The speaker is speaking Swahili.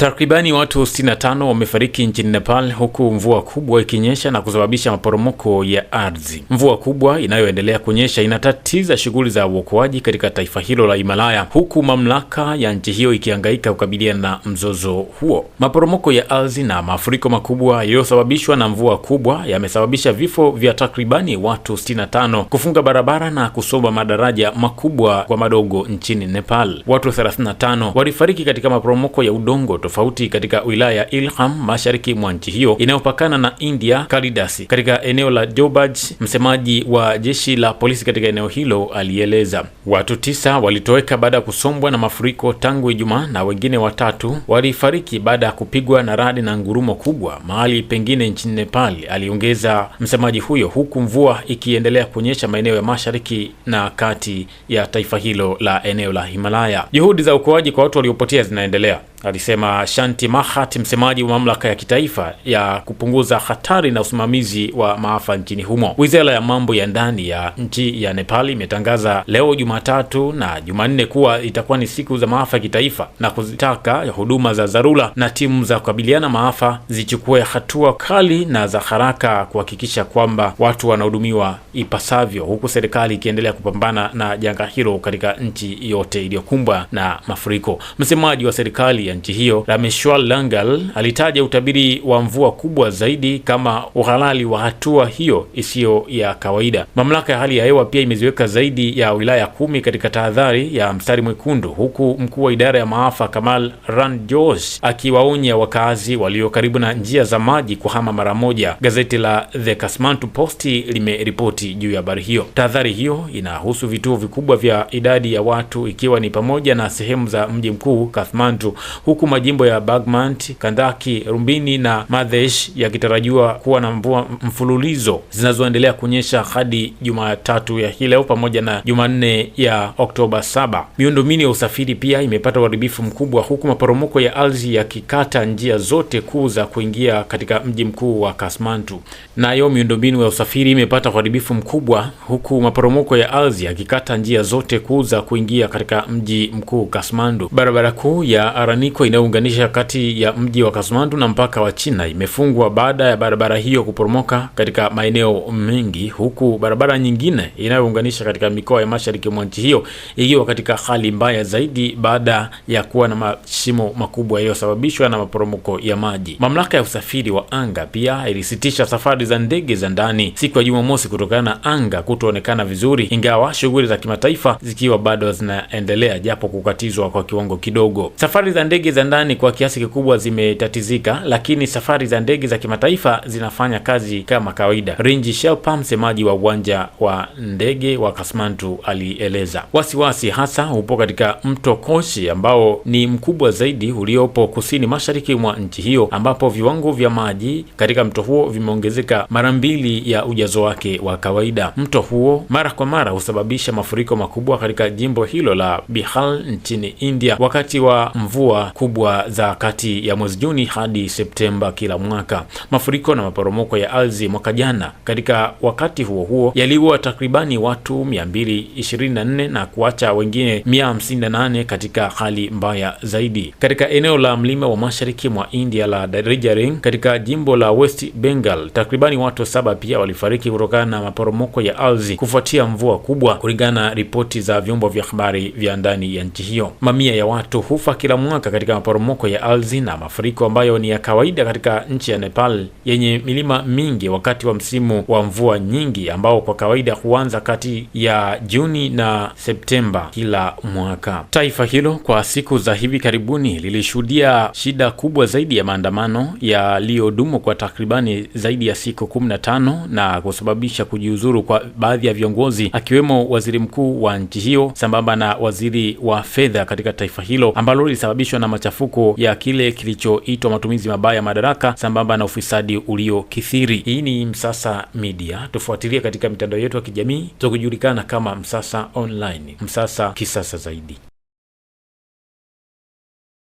Takribani watu 65 wamefariki nchini Nepal huku mvua kubwa ikinyesha na kusababisha maporomoko ya ardhi. Mvua kubwa inayoendelea kunyesha inatatiza shughuli za uokoaji katika taifa hilo la Himalaya, huku mamlaka ya nchi hiyo ikihangaika kukabiliana na mzozo huo. Maporomoko ya ardhi na mafuriko makubwa yaliyosababishwa na mvua kubwa yamesababisha vifo vya takribani watu 65, kufunga barabara na kusomba madaraja makubwa kwa madogo nchini Nepal. Watu 35 walifariki katika maporomoko ya udongo tofauti katika wilaya ya Ilham mashariki mwa nchi hiyo inayopakana na India Karidasi katika eneo la Jobaj. Msemaji wa jeshi la polisi katika eneo hilo alieleza watu tisa walitoweka baada ya kusombwa na mafuriko tangu Ijumaa na wengine watatu walifariki baada ya kupigwa na radi na ngurumo kubwa mahali pengine nchini Nepal, aliongeza msemaji huyo, huku mvua ikiendelea kuonyesha maeneo ya mashariki na kati ya taifa hilo la eneo la Himalaya. Juhudi za uokoaji kwa watu waliopotea zinaendelea. Alisema Shanti Mahat, msemaji wa mamlaka ya kitaifa ya kupunguza hatari na usimamizi wa maafa nchini humo. Wizara ya mambo ya ndani ya nchi ya Nepali imetangaza leo Jumatatu na Jumanne kuwa itakuwa ni siku za maafa ya kitaifa na kuzitaka huduma za dharura na timu za kukabiliana maafa zichukue hatua kali na za haraka kuhakikisha kwamba watu wanahudumiwa ipasavyo, huku serikali ikiendelea kupambana na janga hilo katika nchi yote iliyokumbwa na mafuriko. Msemaji wa serikali ya nchi hiyo Rameshwar Langal alitaja utabiri wa mvua kubwa zaidi kama uhalali wa hatua hiyo isiyo ya kawaida. Mamlaka ya hali ya hewa pia imeziweka zaidi ya wilaya kumi katika tahadhari ya mstari mwekundu, huku mkuu wa idara ya maafa Kamal Ranjos akiwaonya wakazi walio karibu na njia za maji kuhama mara moja. Gazeti la The Kathmandu Post limeripoti juu ya habari hiyo. Tahadhari hiyo inahusu vituo vikubwa vya idadi ya watu ikiwa ni pamoja na sehemu za mji mkuu Kathmandu, huku majimbo ya Bagmant, Kandaki, Rumbini na Madhesh yakitarajiwa kuwa na mvua mfululizo zinazoendelea kunyesha hadi Jumatatu ya hii leo pamoja na Jumanne ya Oktoba 7. Miundombinu ya usafiri pia imepata uharibifu mkubwa huku maporomoko ya ardhi yakikata njia zote kuu za kuingia katika mji mkuu wa Kathmandu. Nayo miundombinu ya usafiri imepata uharibifu mkubwa huku maporomoko ya ardhi yakikata njia zote kuu za kuingia katika mji mkuu kasmandu Barabara kuu ya Arani miunganiko inayounganisha kati ya mji wa Kathmandu na mpaka wa China imefungwa baada ya barabara hiyo kuporomoka katika maeneo mengi, huku barabara nyingine inayounganisha katika mikoa ya mashariki mwa nchi hiyo ikiwa katika hali mbaya zaidi baada ya kuwa na mashimo makubwa yaliyosababishwa na maporomoko ya maji. Mamlaka ya usafiri wa anga pia ilisitisha safari za ndege za ndani siku ya Jumamosi kutokana na anga kutoonekana vizuri, ingawa shughuli za kimataifa zikiwa bado zinaendelea japo kukatizwa kwa kiwango kidogo. Safari za ndege ndege za ndani kwa kiasi kikubwa zimetatizika, lakini safari za ndege za kimataifa zinafanya kazi kama kawaida, Rinji Shelpa, msemaji wa uwanja wa ndege wa kasmantu alieleza. Wasiwasi hasa upo katika mto Koshi ambao ni mkubwa zaidi uliopo kusini mashariki mwa nchi hiyo, ambapo viwango vya maji katika mto huo vimeongezeka mara mbili ya ujazo wake wa kawaida. Mto huo mara kwa mara husababisha mafuriko makubwa katika jimbo hilo la Bihar nchini India wakati wa mvua kubwa za kati ya mwezi Juni hadi Septemba kila mwaka. Mafuriko na maporomoko ya ardhi mwaka jana katika wakati huo huo yaliua takribani watu 224 na kuacha wengine 158 katika hali mbaya zaidi katika eneo la mlima wa mashariki mwa India la Darjeeling katika jimbo la West Bengal. Takribani watu saba pia walifariki kutokana na maporomoko ya ardhi kufuatia mvua kubwa, kulingana na ripoti za vyombo vya habari vya ndani ya nchi hiyo. Mamia ya watu hufa kila mwaka katika maporomoko ya ardhi na mafuriko ambayo ni ya kawaida katika nchi ya Nepal yenye milima mingi wakati wa msimu wa mvua nyingi ambao kwa kawaida huanza kati ya Juni na Septemba kila mwaka. Taifa hilo kwa siku za hivi karibuni lilishuhudia shida kubwa zaidi ya maandamano yaliyodumu kwa takribani zaidi ya siku kumi na tano na kusababisha kujiuzuru kwa baadhi ya viongozi akiwemo waziri mkuu wa nchi hiyo sambamba na waziri wa fedha katika taifa hilo ambalo lilisababishwa na na machafuko ya kile kilichoitwa matumizi mabaya ya madaraka sambamba na ufisadi uliokithiri. Hii ni Msasa Media, tufuatilie katika mitandao yetu ya kijamii, tukijulikana kama Msasa Online, Msasa kisasa zaidi.